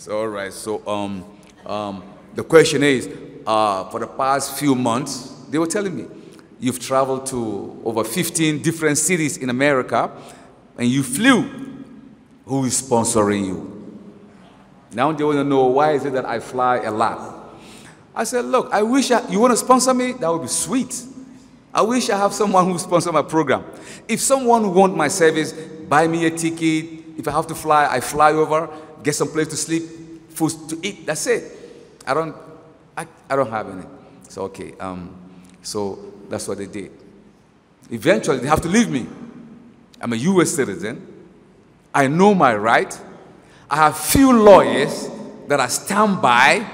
So, all right. So, um, um, the question is, uh, for the past few months, they were telling me, you've traveled to over 15 different cities in America, and you flew. Who is sponsoring you? Now they want to know why is it that I fly a lot. I said, look, I wish I, you want to sponsor me. That would be sweet. I wish I have someone who sponsor my program. If someone want my service, buy me a ticket. If I have to fly, I fly over get some place to sleep, food to eat. That's it. I don't, I, I don't have any. So okay. Um, so that's what they did. Eventually, they have to leave me. I'm a U.S. citizen. I know my right. I have few lawyers that I stand by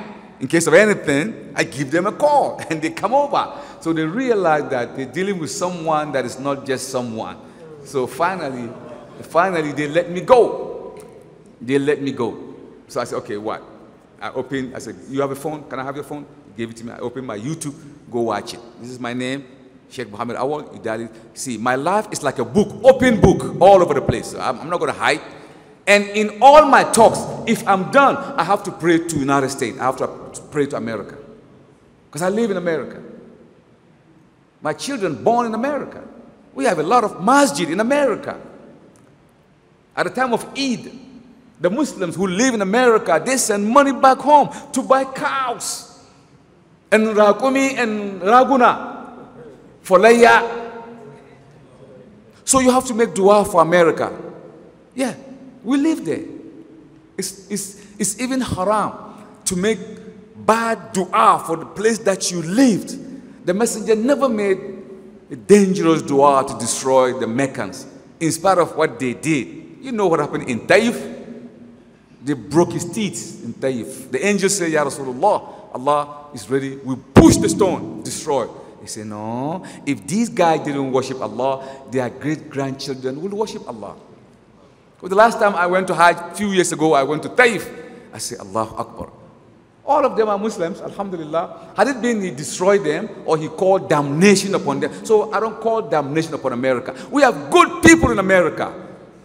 in case of anything. I give them a call and they come over. So they realize that they're dealing with someone that is not just someone. So finally, finally they let me go. They let me go. So I said, okay, what? I opened, I said, you have a phone? Can I have your phone? He gave it to me. I opened my YouTube, go watch it. This is my name, Sheikh Muhammad Awal. You to See, my life is like a book, open book, all over the place. So I'm, I'm not going to hide. And in all my talks, if I'm done, I have to pray to United States. I have to pray to America. Because I live in America. My children born in America. We have a lot of masjid in America. At the time of Eid, the Muslims who live in America, they send money back home to buy cows and rakumi and raguna for layya. So you have to make dua for America. Yeah, we live there. It's, it's, it's even haram to make bad dua for the place that you lived. The messenger never made a dangerous dua to destroy the Meccans in spite of what they did. You know what happened in Taif? They broke his teeth in Taif. The angel said, Ya Rasulullah, Allah is ready. We push the stone, destroy. He said, No, if these guys didn't worship Allah, their great grandchildren will worship Allah. Well, the last time I went to Hajj, a few years ago, I went to Taif. I said, Allah Akbar. All of them are Muslims, Alhamdulillah. Had it been he destroyed them or he called damnation upon them. So I don't call damnation upon America. We have good people in America.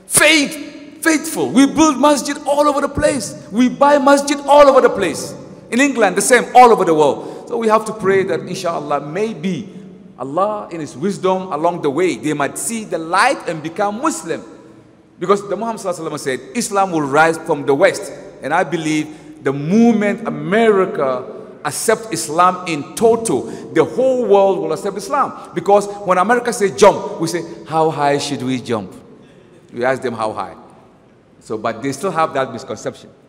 Faith, faithful. We build masjid all over the place. We buy masjid all over the place. In England, the same, all over the world. So we have to pray that inshallah, maybe Allah in His wisdom along the way, they might see the light and become Muslim. Because the Muhammad said, Islam will rise from the West. And I believe the movement America accept Islam in total, the whole world will accept Islam. Because when America says jump, we say, how high should we jump? We ask them how high. So, but they still have that misconception.